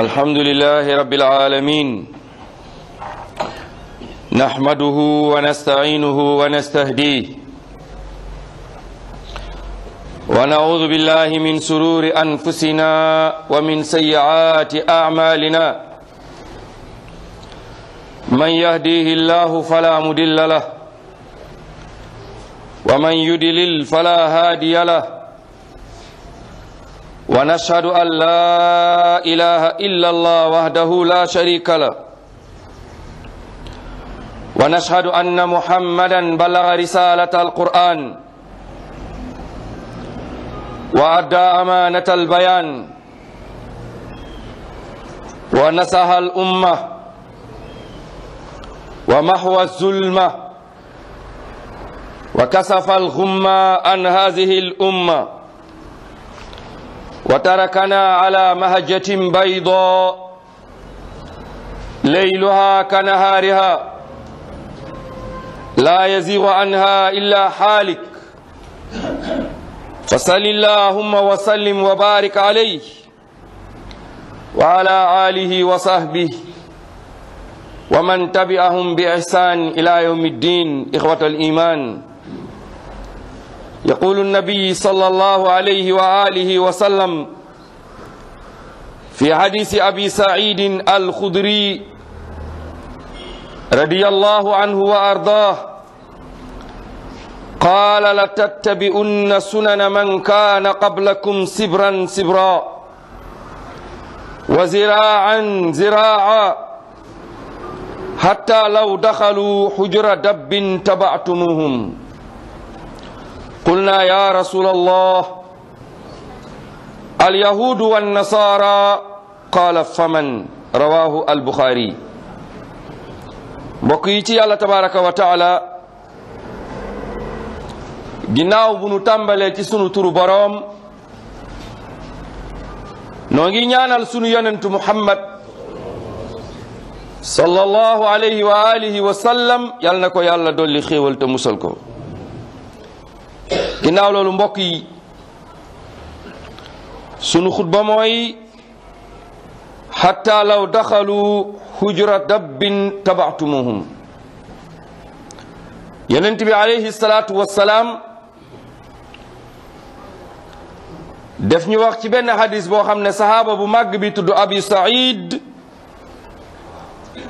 الحمد لله رب العالمين نحمده ونستعينه ونستهديه ونعوذ بالله من سرور أنفسنا ومن سيئات أعمالنا من يهديه الله فلا مدل له ومن يدلل فلا هادي له ونشهد أن لا إله إلا الله وحده لا شريك له ونشهد أن محمدا بلغ رسالة القرآن وأدى أمانة البيان ونصح الأمة ومحو الظلمة وكسف الغمة عن هذه الأمة وتركنا على مهجة بيضاء ليلها كنهارها لا يزيغ عنها إلا حالك فصل اللهم وسلم وبارك عليه وعلى آله وصحبه ومن تبعهم بإحسان إلى يوم الدين إخوة الإيمان يقول النبي صلى الله عليه وآله وسلم في حديث أبي سعيد الخدري رضي الله عنه وأرضاه قال لتتبئن سنن من كان قبلكم سبرا سبرا وزراعا زراعا حتى لو دخلوا حجر دب تبعتموهم قلنا يا رسول الله اليهود والنصارى قال فمن رواه البخاري mbokk yi ci yàlla tabaraka wa taala ginnaaw bu nu tàmbalee ci sunu turu boroom noo ngi ñaanal sunu yonentu muhammad sallallahu alayhi wa alihi wa sallam yal na ko yàlla dolli xéewal te musal ko ginnaaw loolu mbokk yi sunu xutba mooy xatta law daxalu hujra dabbin tabaatumuhum yonent bi alayhi salaatu wassalaam def ñu wax ci benn xadis boo xam ne saxaaba bu màgg bi tudd abi said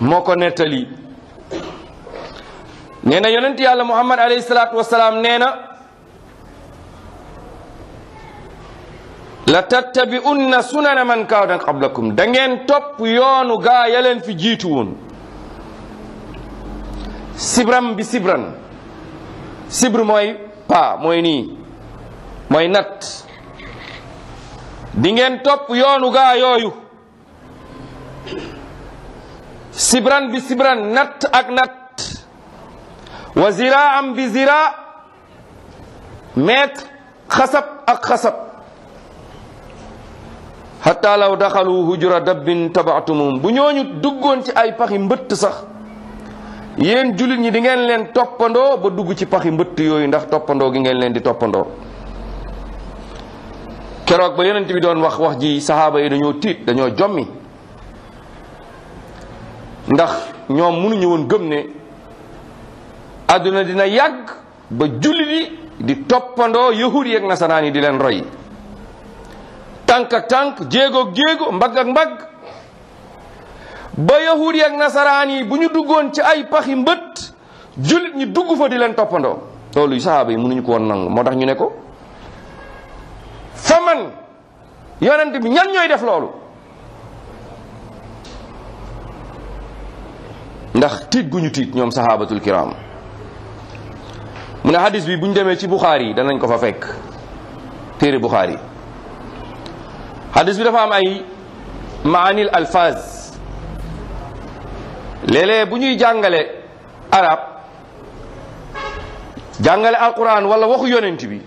moo ko nettali nee na yonent yàlla muhammad alayhi salaatu wassalaam nee la tattabi'unna sunana man kaana qablakum da ngeen topp yoonu gaa ya fi jiitu woon sibram bi sibran sibr mooy paa mooy nii mooy nat di ngeen topp yoonu gaa yooyu sibran bi sibran nat ak nat wa ziraam bi zira meet xasab ak xasab hatta law daxalu hujura dabbin tabaatumuhum bu ñooñu duggoon ci ay paxi mbëtt sax yéen jullit ñi di ngeen leen toppandoo ba dugg ci paxi mbëtt yooyu ndax toppandoo gi ngeen leen di toppandoo keroog ba yonent bi doon wax wax ji saxaaba yi dañoo tiit dañoo jommi ndax ñoom mënuñu woon gëm ne àdduna dina yàgg ba jullit yi di toppandoo yahud yi ak nasaraan yi di leen roy tànk ak tànk jéego ak jéego mbagg ak mbagg ba yahudi ak nasaraan yi bu ñu duggoon ci ay paxi mbët jullit ñi dugg fa di leen toppandoo loolu sahaaba yi mënuñu ko woon moo tax ñu ne ko fa man yonent bi ñan ndax tiit gu ñoom sahabatul mu ne hadis bi bu ñu demee ci buxaar yi danañ ko fa fekk téere buxaar yi xadis bi dafa am ay maanil alfaz léeg-léeg bu ñuy jàngale arab jàngale alquran wala waxu yonent bi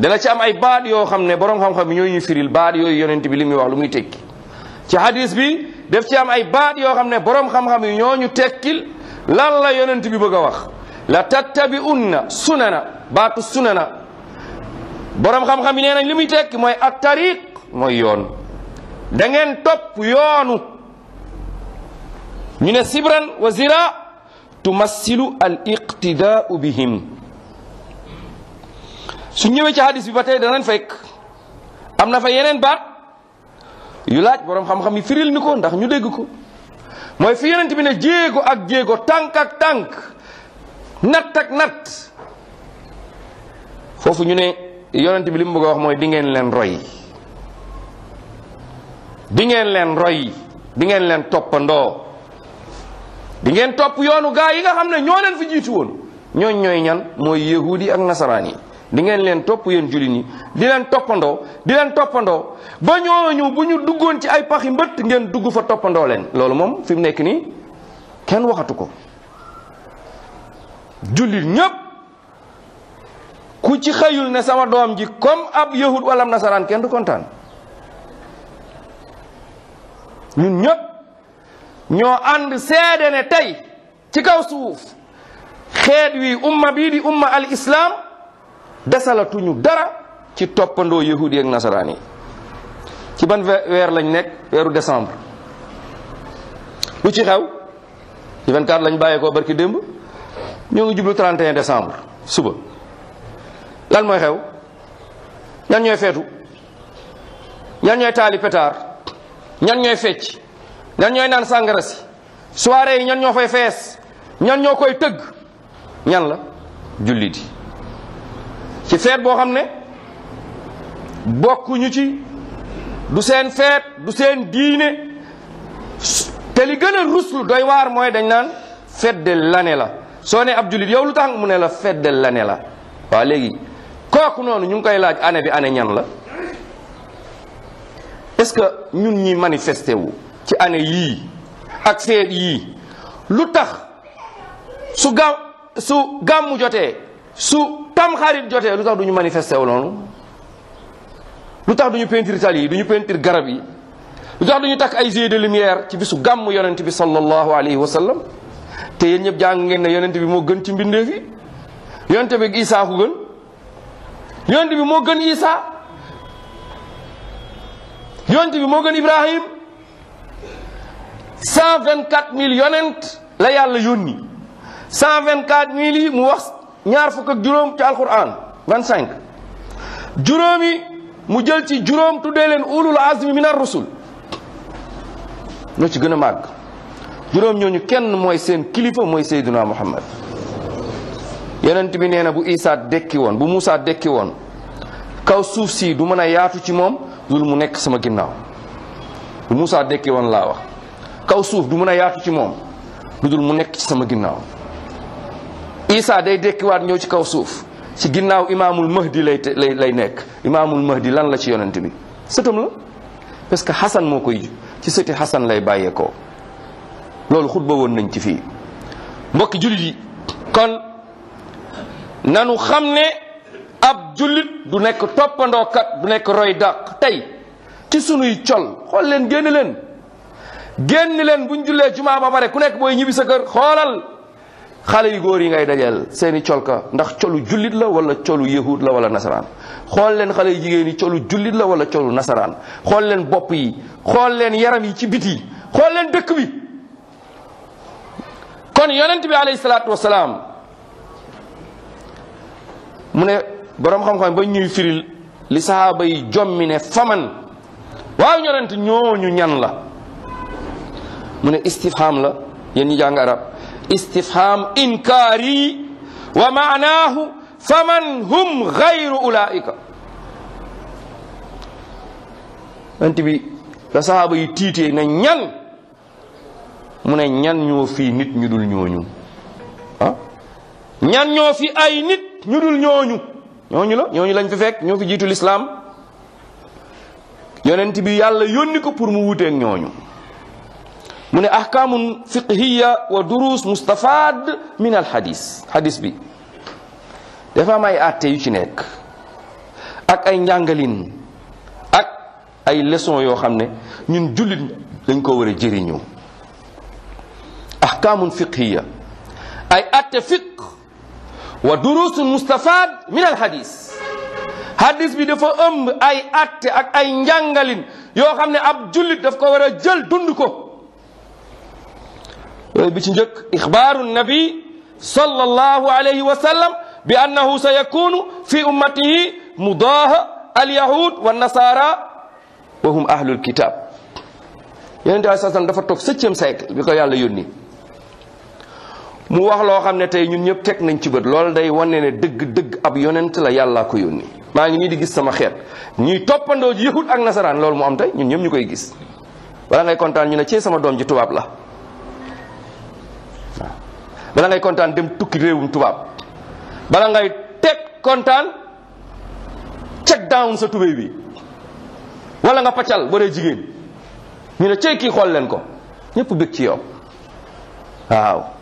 dana ci am ay baat yoo xam ne borom xam-xam ñooy ñu firil baat yooyu yonent bi li muy wax lu muy tekki ci hadis bi def ci am ay baat yoo xam ne borom xam-xam yi ñoo ñu tekkil lan la yonent bi bëgg a wax la tattabi'unna sunana baatu sunana borom xam-xam yi nee nañ li muy tekki mooy at tariq mooy yoon dangeen ngeen topp yoonu ñu ne sibran wa zira tumassilu al iqtidaau bihim su ñëwee ci hadis bi ba tey danañ fekk am na fa yeneen baat yu laaj borom xam-xam yi firil ni ko ndax ñu dégg ko mooy fi yonent bi ne jéego ak jéego tànk ak tànk natt ak natt foofu ñu ne yonent bi li mu wax mooy di ngeen leen roy di ngeen leen roy di ngeen leen toppandoo di ngeen topp yoonu gaa yi nga xam ne ñoo leen fi jiitu woon ñooñ ñooy ñan mooy yahudi ak nasaraan yi di ngeen leen topp yéen jullit ñi di leen toppandoo di leen toppandoo ba ñooñu bu ñu duggoon ci ay paxi mbëtt ngeen dugg fa toppandoo leen loolu moom fi mu nekk nii kenn waxatu ko jullit ñépp ku ci xëyul ne sama doom ji comme ab yahud wala nasaraan kenn du kontaan ñun ñëpp ñoo ànd seede ne tey ci kaw suuf xeet wi umma bii di umma al islam desalatuñu dara ci toppandoo yahudi ak nasaraan yi ci ban weer lañ nekk weeru décembre lu ci xew ci 24 lañ bàyyeekoo barki démb ñoo ngi jublu 31 décembre suba lan mooy xew ñan ñooy feetu ñan ñooy taali pétard ñan ñooy fecc ñan ñooy naan sàngara si soirée yi ñan ñoo fay fees ñan ñoo koy tëgg ñan la jullit yi ci feet boo xam ne bokkuñu ci du seen feet du seen diine te li gën a ruslu doy waar mooy dañ naan fête de l'année la soo ne ab jullit yow lu tax mu ne la fête la ne la waaw léegi kooku noonu ñu ngi koy laaj année bi année ñan la est-ce que ñun ñi manifesté wu ci année yii ak seet yii lu tax su gam su gàmmu jotee su tamxarit jotee lu tax du ñu manifesté wu noonu lu tax duñu ñu tal yi du ñu garab yi lu tax du takk ay jeux de lumière ci bisu gàmmu yonent bi sallallahu alayhi wa sallam te yéen ñëpp jàng ngeen na yonent bi moo gën ci mbindeef yi yonent bi Isaa ku gën yonent bi moo gën Isaa yonent bi moo gën Ibrahim cent vingt quatre yonent la yàlla yónni cent vingt quatre mille yi mu wax ñaar fukk ak juróom ci alquran vingt cinq juróomi mu jël ci juróom tuddee leen ulul azmi min ar-rusul ñoo ci gën a màgg juróom ñooñu kenn mooy seen kilifa mooy Seydina Muhammad yonent bi nee na bu Isaa dekki woon bu Muusaa dekki woon kaw suuf si du mën a yaatu ci moom dul mu nekk sama ginnaaw lu Moussa dekkee woon laa wax kaw suuf du mun a yaatu ci moom lu dul mu nekk ci sama ginnaaw Isa day dekkiwaat ñëw ci kaw suuf ci ginnaaw imaamul mahdi lay lay lay nekk imaamul mahdi lan la ci yonent bi sëtam la parce que Xasan moo koy ci sëti Xasan lay bàyyeekoo loolu xutba woon nañ ci fii mbokki jullit yi kon nanu xam ne ab jullit du nekk toppandookat du nekk roy dàq tey ci sunuy col xool leen génn leen génn leen buñ jullee jumaa ba pare ku nekk booy ñibbi sa kër xoolal xale yu góor yi ngay dajeel seeni colka ndax colu jullit la wala colu yahud la wala nasaraan xool leen xale yu jigéen yi colu jullit la wala colu nasaraan xool leen bopp yi xool leen yaram yi ci biti xool leen dëkk bi kon yonent bi alayhi salaatu wasalaam mu ne boroom xam-xam ba ñuy firil li sahaaba yi jommi ne faman waaw ñonent ñooñu ñan la mu ne istifham la yéen ñu jàng arab istifham inkaari wa maanaahu faman hum gayru ulaika ant bi la sahaaba yi tiitee ne ñan mu ne ñan ñoo fii nit ñu dul ñooñu ah ñan ñoo fi ay nit ñu dul ñooñu ñooñu la ñooñu lañ fi fekk ñoo fi jiitu lislaam yonent bi yàlla yónni ko pour mu wuuteeg ñooñu mu ne ahkaamun fiqhiya wa duruus mustafaad min al hadis hadis bi dafa am ay àtte yu ci nekk ak ay njàngalin ak ay leçon yoo xam ne ñun jullit dañ koo war a jëriñu ahkaamun fiqhiya ay àtte fiq wa durusun mustafad min al hadis hadis bi dafa ëmb ay atte ay njàngalin yoo xam ne ab jullit daf ko war a jël dund ko bi ci njëkk ixbaaru nabi sallallahu alayhi wa bi annahu sa yakunu fi ummatihi mudaaha alyahud wa nasara wa hum ahlul kitab yonente alai dafa toog septième siècle bi ko yàlla mu wax loo xam ne tey ñun ñëpp teg nañ ci bët lool day wane ne dëgg dëgg ab yonent la yàllaa ko yónni maa ngi nii di gis sama xeet ñuy toppandoo yahud ak nasaraan loolu mu am tey ñun ñëpp ñu koy gis bala ngay kontaan ñu ne cee sama doom ji tubaab la waaw bala kontaan dem tukki réewum tubaab bala ngay teg kontaan check down sa tubéy bi wala nga paccal ba dee jigéen ñu ne cey kii xool leen ko ñëpp bëgg ci yow waaw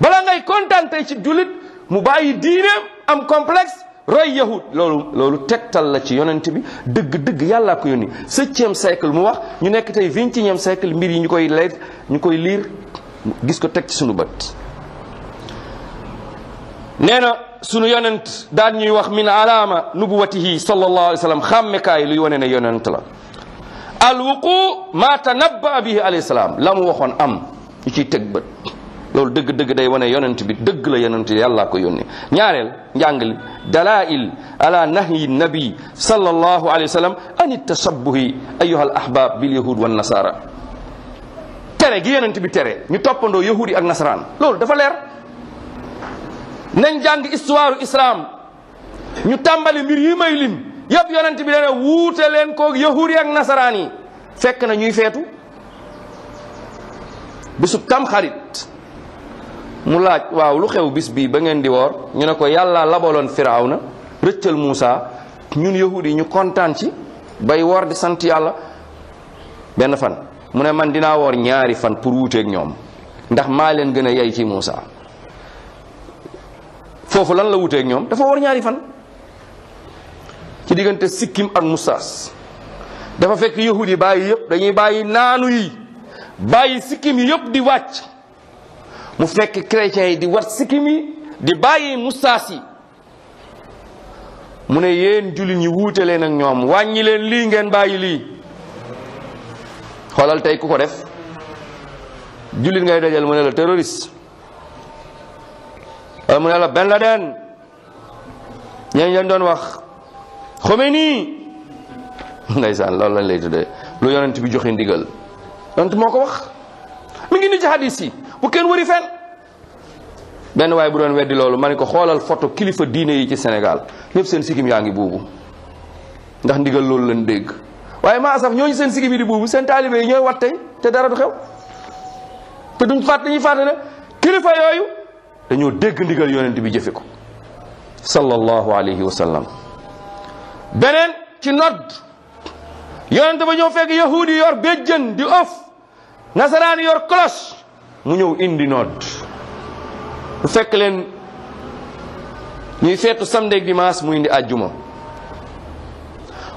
bala ngay kontaan tey ci jullit mu bàyyi diineem am complexe roy yahud loolu loolu tegtal la ci yonent bi dëgg-dëgg yàlla ko yónni septième siècle mu wax ñu nekk tey vingtième siècle mbir yi ñu koy leer ñu koy liir gis ko teg ci sunu bët nee na sunu yonent daan ñuy wax min alaama nubuwatihi sallallahu alayhi wa sallam xàmmekaay luy wane ne yonent la alwuqu ma tanabba bihi alayhi salaam la mu waxoon am ñu ciy teg bët loolu dëgg dëgg day wane yonent bi dëgg la yonent yàllaa ko yónni ñaareel njàngal dalail ala nahyi nabi sallallahu alayhi wa sallam an tashabbuhi ayyuha al bil yahud wan nasara tere gi yonent bi tere ñu toppandoo yahudi ak nasaraan loolu dafa leer nañ jàng histoire ñu tàmbali mbir yi may lim yëpp yonent bi dana wuute leen koo ak nasaraan yi fekk na ñuy feetu bisub tam xarit mu laaj waaw lu xew bis bii ba ngeen di woor ñu ne ko yàlla labaloon na rëccal Muusa ñun yi ñu kontaan ci bay woor di sant yàlla benn fan mu ne man dinaa woor ñaari fan pour wuuteeg ñoom ndax maa leen gën a yay ci Muusa foofu lan la wuuteeg ñoom dafa woor ñaari fan ci diggante sikkim ak mustaas dafa fekk yahudi bàyyi yëpp dañuy bàyyi naanu yi bàyyi sikkim yi yëpp di wàcc mu fekk chrétiens yi di wat sikkim yi di bàyyi mustaas yi mu ne yéen jullit ñi wuute leen ak ñoom wàññi leen lii ngeen bàyyi lii xoolal tey ku ko def jullit ngay dajal mu ne la terroriste wala mu ne la Ben Laden ñeen leen doon wax Khomeini ndeysaan loolu lañ lay tuddee lu yonent bi joxe ndigal moo ko wax mi ngi ni ci hadis yi bu kenn wëri fenn benn waaye bu doon weddi loolu ma ne ko xoolal photo kilifa diine yi ci senegal ñëpp seen sikkim yaa ngi buubu ndax ndigal loolu lañ dégg waaye ma asaf ñooñu seen sikkim yi di buubu seen taalibe yi ñooy wat tey te dara du xew te duñ fàtt dañuy fàtte kilifa yooyu dañoo dégg ndigal yonent bi jëfe ko sallallahu alayhi wa beneen ci nodd yonent ba ñoo fekk yahudi yor béjjën di of nasaraan yor cloche mu ñëw indi nodd bu fekk leen ñuy feetu samedi ak mu indi àjjuma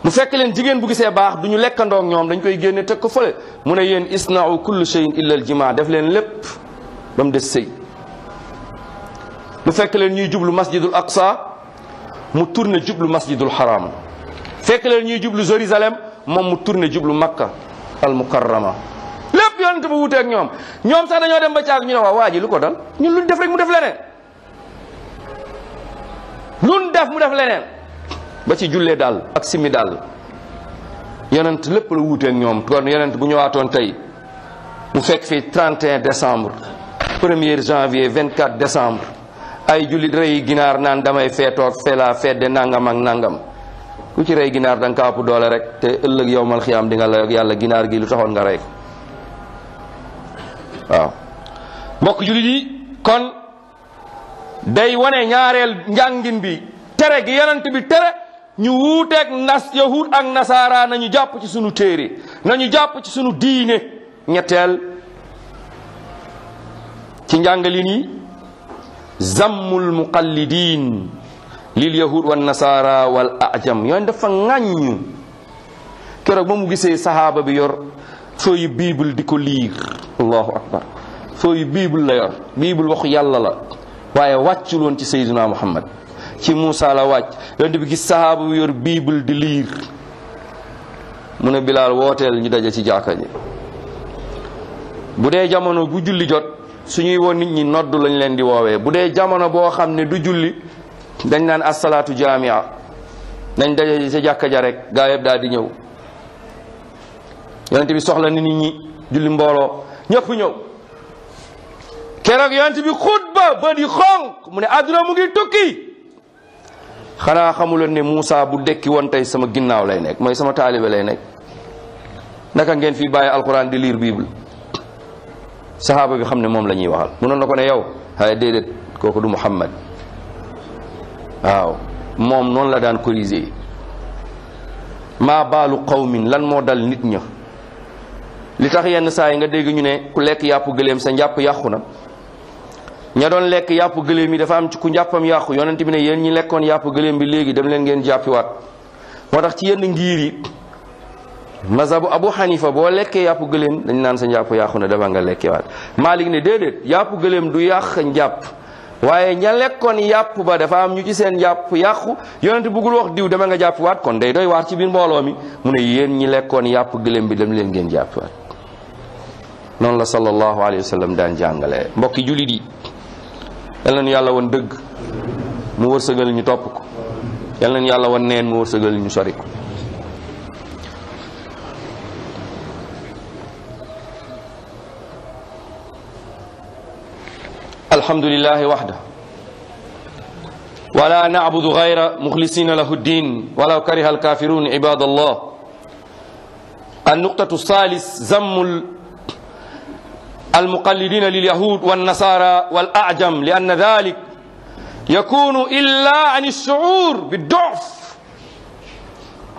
mu fekk leen jigéen bu gisee baax du ñu lekkandoog ñoom dañ koy génne teg ko fële mu ne yéen isnau kullu shay'in illa al def leen lépp ba mu des sëy mu fekk leen ñuy jublu masjidul aqsa mu tourné jublu masjidul haram fekk leen ñuy jublu jérusalem moom mu tourné jublu makka al yëpp yonent ba wuteeg ñoom ñoom sax dañoo dem ba caag ñu ne waaw waa ji lu ko dal ñun luñ def rek mu def leneen luñ def mu def leneen ba ci jullee daal ak simi daal yonent lépp la wuuteek ñoom kon yonent bu ñëwaatoon tey mu fekk fii 31 décembre 1er vingt 24 décembre ay jullit rey ginaar naan damay feetoog fela fedde nangam ak nangam ku ci rey ginaar da nga kaapu doole rek te ëllëg yow mal xiyaam di nga la yàlla ginaar gi lu taxoon waaw mbokk jullit yi kon day wane ñaareel njàngin bi tere gi yonent bi tere ñu wuuteeg nas yahud ak nasaara nañu jàpp ci sunu téere nañu jàpp ci sunu diine ñetteel ci njàngalin yi zammul muqallidin lil yahud wa nasaara wal ajam yoon dafa ŋàññu keroog ba mu gisee sahaaba bi yor feuille bible di ko liir allahu akbar fooyu bible la yor bible waxu yàlla la waaye wàccul woon ci sayyiduna muhammad ci Moussa la wàcc yonent bi gis sahaaba bu yor bible di liir mu ne bilaal wooteel ñu daje ci jàkka ji bu dee jamono bu julli jot suñuy won nit ñi nodd lañ leen di woowee bu dee jamono boo xam ne du julli dañ naan asalaatu jaamia nañ daje ci sa jàkka ja rek gaa yëpp daal di ñëw yonent bi soxla nit ñi julli mbooloo ñëpp ñëw keroog yonent bi xutba ba di xonq mu ne àdduna mu ngi tukki xanaa xamuloon ne musaa bu dekki woon tey sama ginnaaw lay nekk mooy sama taalibe lay nekk naka ngeen fii bàyyi alxuraan di lire bible saxaaba bi xam ne moom la ñuy waxal munoon na ko ne yow waaye déedéet kooku du Muhammad waaw moom noonu la daan corriger maa baalu qawmin lan moo dal nit ña li tax yenn saa yi nga dégg ñu ne ku lekk yàpp gëléem sa njàpp yàqu na ña doon lekk yàpp gëléem yi dafa am ci ku njàppam yàqu yonent bi ne yéen ñi lekkoon yàpp gëléem bi léegi dem leen ngeen jàppiwaat moo tax ci yenn ngiir yi mazhabu abu xanifa boo lekkee yàpp gëléem dañ naan sa njàpp yàqu na dafa nga lekkiwaat maalik ne déedéet yàpp gëléem du yàq njàpp waaye ña lekkoon yàpp ba dafa am ñu seen yàpp yàqu yonent bëggul wax diw dama nga jàppiwaat kon day doy waar ci biir mbooloo mi mu ne yéen ñi lekkoon yàpp gëléem bi dem leen ngeen jàppiwaat noonu la sallallahu alayhi wa sallam daan jàngalee mbokki jullit yi yal nañu yàlla woon dëgg mu wërsëgal ñu topp ko yal nañu yàlla woon neen mu wërsëgal ñu sori ko alhamdulillahi waxda wala nacbudu gayra muxlisina lahu ddin walaw kariha alkafirun ibad allah annuqtatu salis zammul المقلدين لليهود والنصارى والأعجم لأن ذلك يكون إلا عن الشعور بالضعف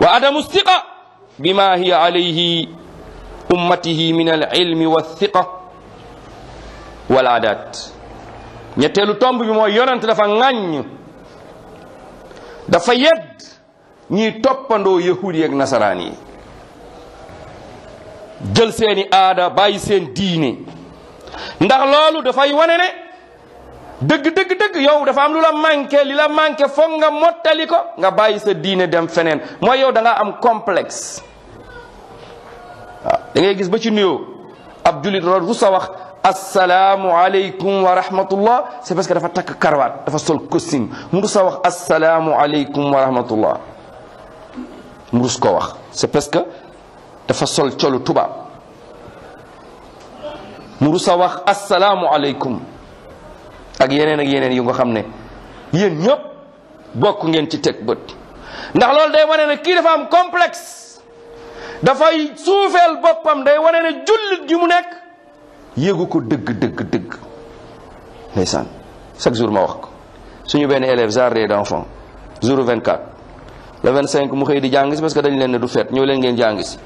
وعدم الثقة بما هي عليه أمته من العلم والثقة والعادات ñetteelu tomb bi mooy yonent dafa ŋàññ dafa yedd ñiy toppandoo yahud yi ak nasaraan yi jël seeni aada bàyyi seen diine ndax loolu dafay wane ne dëgg dëgg dëgg yow dafa am lu la manqué li la manqué foog nga mottali ko nga bàyyi sa diine dem feneen mooy yow danga am complexe. dangay gis ba ci nuyoo ab jullit loolu rus a wax asalaamualeykum wa rahmatullah que dafa takk karawaat dafa sol costume mu rus a wa rahmatullah mu rus ko wax c'est parce que dafa sol colu tubaab. mu rusa wax asalaamualeykum ak yeneen ak yeneen yu nga xam ne yéen ñëpp bokk ngeen ci teg bët ndax loolu day wane ne kii dafa am complexe dafay suufeel boppam day wane ne jullit gi mu nekk yéegu ko dëgg dëgg dëgg ndeysaan chaque jour ma wax ko suñu benn élève jardin d'enfant jour 24 le 25 mu xëy di jàngis parce que dañ leen ne du feet ñëw leen ngeen jàngis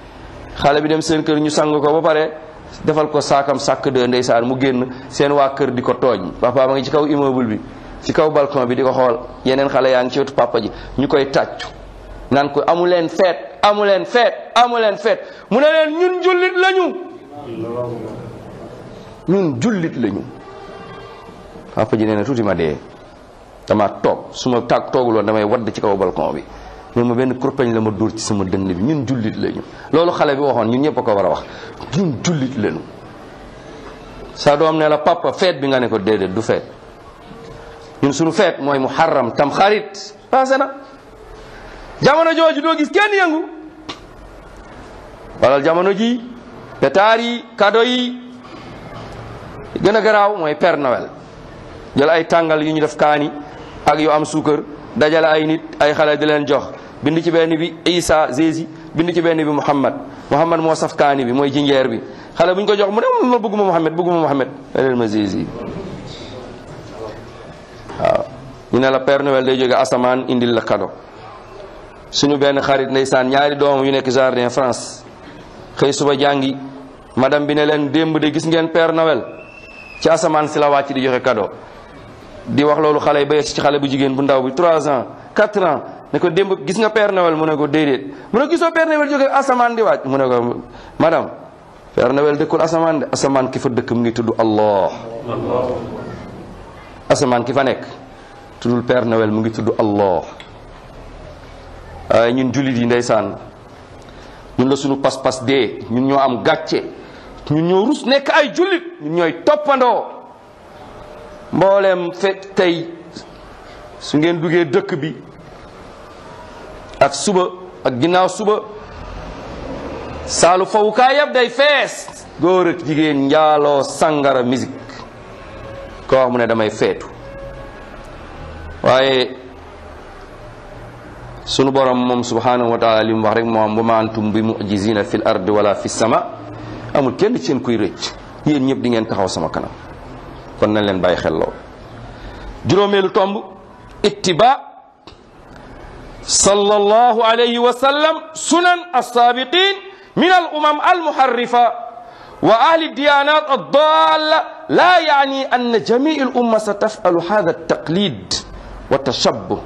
xale bi dem seen kër ñu sang ko ba pare defal ko saakam sàkk de ndeysaan mu génn seen waa kër di ko tooñ papa ma ngi ci kaw immeuble bi ci kaw balcon bi di ko xool yeneen xale yaa ngi ci wetu papa ji ñu koy tàccu naan ko amu leen feet amuleen leen feet amu mu ne leen ñun jullit lañu ñun jullit lañu papa ji neen na tuuti ma dee dama toog su ma tàgg toogul woon damay wadd ci kaw balcon bi ne ma benn kurpeñ la ma dóor ci sama dënn bi ñun jullit lañu loolu xale bi waxoon ñun ñëpp ko war a wax ñun jullit lañu sa doom ne la feet bi nga ne ko déedéet du feet ñun suñu feet mooy muharram tam xarit passé na jamono jooju doo gis kenn yëngu walal jamono ji pétard yi kado yi gën a garaaw mooy per Noël jël ay tàngal yu ñu def kaani ak yu am suukar dajale ay nit ay xale di leen jox bind ci benn bi isa zési bind ci benn bi muhammad muhammad moo saf kaani bi mooy jinjeer bi xale bu ñu ko jox mu ne ma bëgguma muhammad bëgguma muhammad leen ma zési bi ñu ne la per Noël day jóge asamaan indil la kado suñu benn xarit ndeysaan ñaari doom yu nekk jardin France xëy suba jàngi madame bi ne leen démb de gis ngeen per Noël ci asamaan si la wàcc di joxe kado di wax loolu xale yi ba ci xale bu jigéen bu ndaw bi 3 ans 4 ne ko démb gis nga Père Noël mu ne ko déedéet mu ne ko gisoo Père Noël asamaan di waaj mu ne ko madame Père Noël dëkkul asamaan de asamaan ki fa dëkk mu ngi tudd Allah asamaan ki fa nekk tuddul Père mu ngi tudd Allah waaye ñun jullit yi ndey ndeysaan ñun la suñu pas-pas dee ñun ñoo am gàcce ñun ñoo rus nekk ay jullit ñun ñooy toppandoo mboolem tey su ngeen duggee dëkk bi ak suba ak ginnaaw suba saalu fawukaay yëpp day fees góor ak jigéen njaaloo sàngara musique ko wax mu ne damay feetu waaye sunu borom moom subhanahu wa taala li mu wax rek moo am wa ma antum bi mujizina fi l wala fi sama amul kenn ci yéen kuy rëcc yéen ñëpp di ngeen taxaw sama kanam kon nañ leen bàyyi xelloo juróomeelu tomb ittiba sallallahu alayhi wa sallam sunan as-sabiqin min al-umam al-muharrifa wa ahli diyanat ad-dalla la yani anna jami' al-umma sataf'alu hadha at-taqlid wa tashabbuh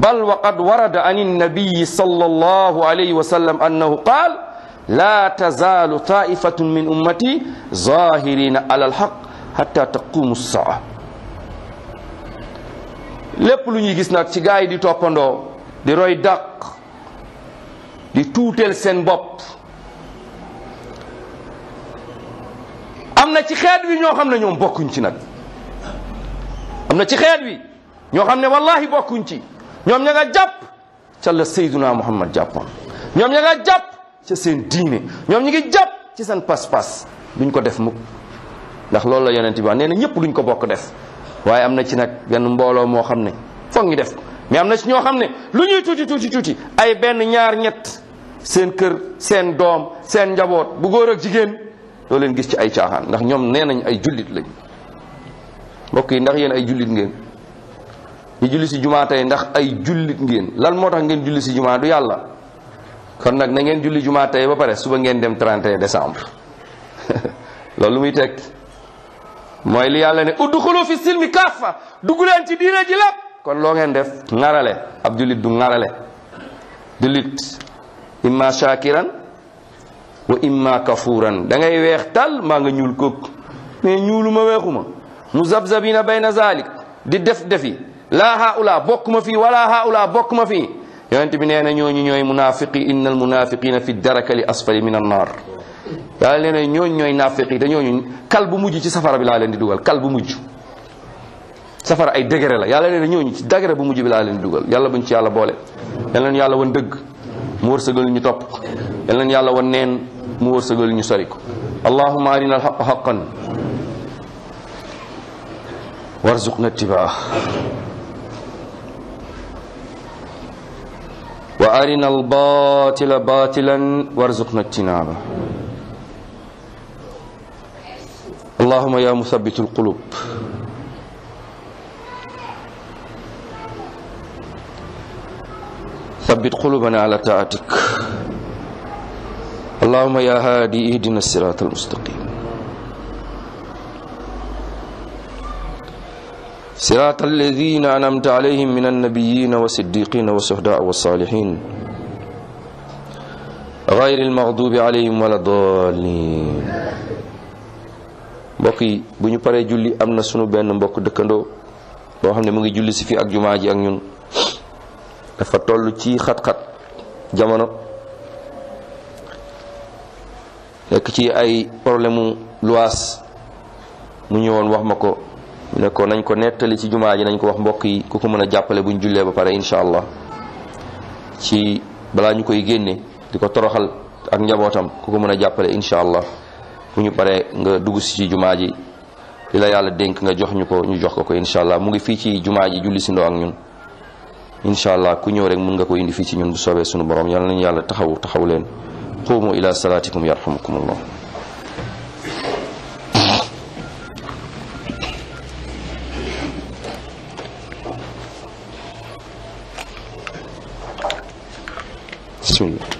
bal wa qad warada an an-nabiy sallallahu alayhi wa sallam annahu qala la tazalu ta'ifatun min ummati zahirina ala al-haqq hatta taqumu as-sa'ah lépp lu ñuy gis nag ci gaa yi di toppandoo di roy dàq di tuuteel seen bopp am na ci xeet wi ñoo xam ne ñoom bokkuñ ci nag am na ci xeet wi ñoo xam ne wallahi bokkuñ ci ñoom ña nga jàpp ca la Seyduna Muhammad jàppoon ñoom ña nga jàpp ca seen diine ñoom ñi ngi jàpp ci seen pas-pas duñ ko def mukk ndax loolu la yonent bi wax nee na ñëpp duñ ko bokk def waaye am na ci nag benn mbooloo moo xam ne foog ngi def ko am na ci ñoo xam ne lu ñuy tuuti tuuti tuuti ay benn ñaar ñett seen kër seen doom seen njaboot bu góor ak jigéen doo leen gis ci ay caaxaan ndax ñoom nee nañ ay jullit lañ mbokk yi ndax yéen ay jullit ngeen ñu julli si jumaa tey ndax ay jullit ngeen lan moo tax ngeen julli si jumaa du yàlla kon nag na ngeen julli ba pare suba ngeen dem 31 décembre loolu muy tekki mooy li yàlla ne udxulu fi silmi kaafa dugg leen ci diina ji lépp kon loo ngeen def ŋarale ab jullit du ŋarale jullit imma shakiran wa imma kafuran dangay ngay weex tal maa nga ñuul kook mais ñuulu ma weexuma mu zabzabina bayna zalik di def defi laa haula bokk ma fii wala haula bokk ma fii yonent bi nee na ñooñu ñooy munaafiqi inna al munaafiqina fi darakali asfali min annar yàlla nee na ñooñ ñooy naafiq yi te ñooñu kal bu mujj ci safara bi laa leen di dugal kal bu mujj safara ay degré la yàlla nee na ñooñu ci degré bu mujj bi laa leen dugal yàlla buñ ci yàlla boole yal leen yàlla wan dëgg mu wërsëgal ñu topp yal leen yàlla wan neen mu wërsëgal ñu sori ko allahumma arina alxaqa xaqan warzuqna ittibaa wa arina albatila batilan warzuqna ijtinaaba allahuma yaa musabitul qulub sabit qulubana ala taatik allahuma yaa haadi ihdina siraat almustaqim siraat alladina anamta alayhim min annabiyina wa siddiqina wa suhdaa wa salihin gayri almaghdubi alayhim wala dalin mbokk yi bu ñu paree julli am na sunu benn mbokk dëkkandoo boo xam ne mu ngi julli si fii ak jumaa ji ak ñun dafa tollu ci xat-xat jamono nekk ci ay problème mu luwaas mu ñëwoon wax ma ko ne ko nañ ko nettali ci jumaa ji nañ ko wax mbokk yi ku ko mën a jàppale bu ñu jullee ba pare incha allah ci balaa ñu koy génne di ko toroxal ak njabootam ku ko mën a jàppale incha allah bu ñu paree nga dugg si ci jumaa ji li la yàlla dénk nga jox ñu ko ñu jox ko ko incha allah mu ngi fii ci jumaa ji julli si ndoo ak ñun incha allah ku ñëw rek mun nga ko indi fii ci ñun bu soobee sunu borom yal nañu yàlla taxawu taxaw leen qumu ila salaatikum yarhamukumullah bismillah